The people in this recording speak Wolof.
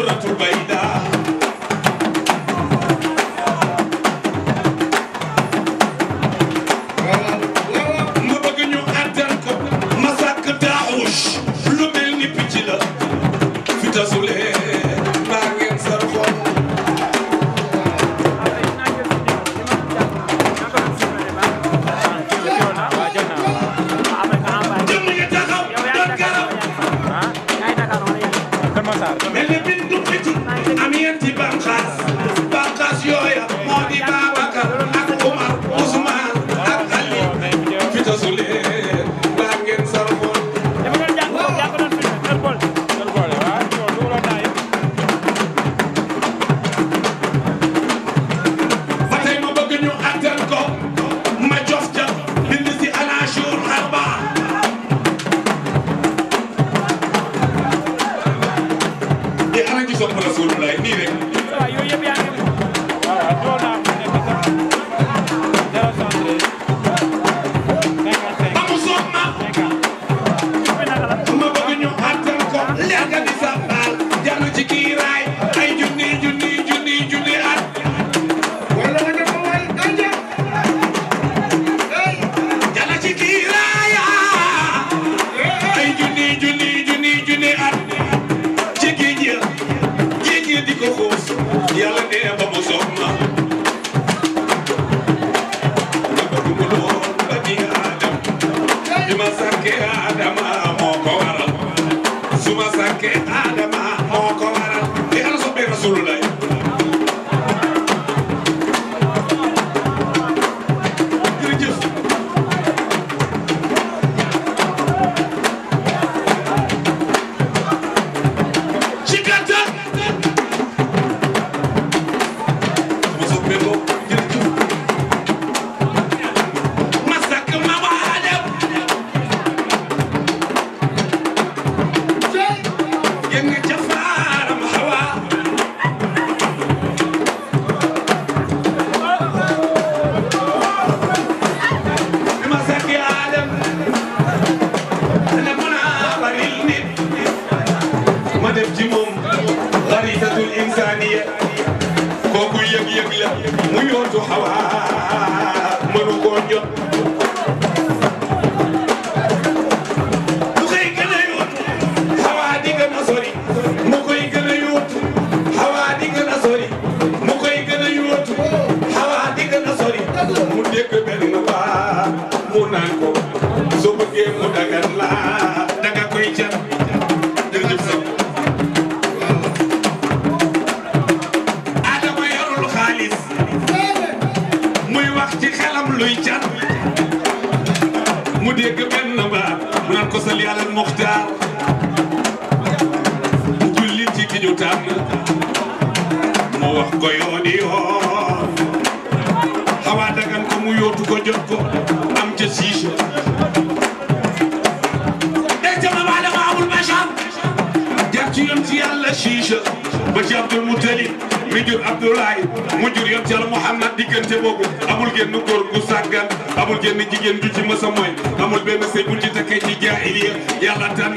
doutor da turma jox ko yooni yoon xawaa dagan ko mu yóotu ko jot ko am ca siiso dejama ma dama amul bachar jàpp ci yoon ci yàlla siiso ba ci abdul mutalib mi jur abdoulaye mu jur yoon ci yàlla muhammad diggante boobu amul genn góor gu sàggan amul genn jigéen ju ci mësa mooy amul benn sëy bu ci takkee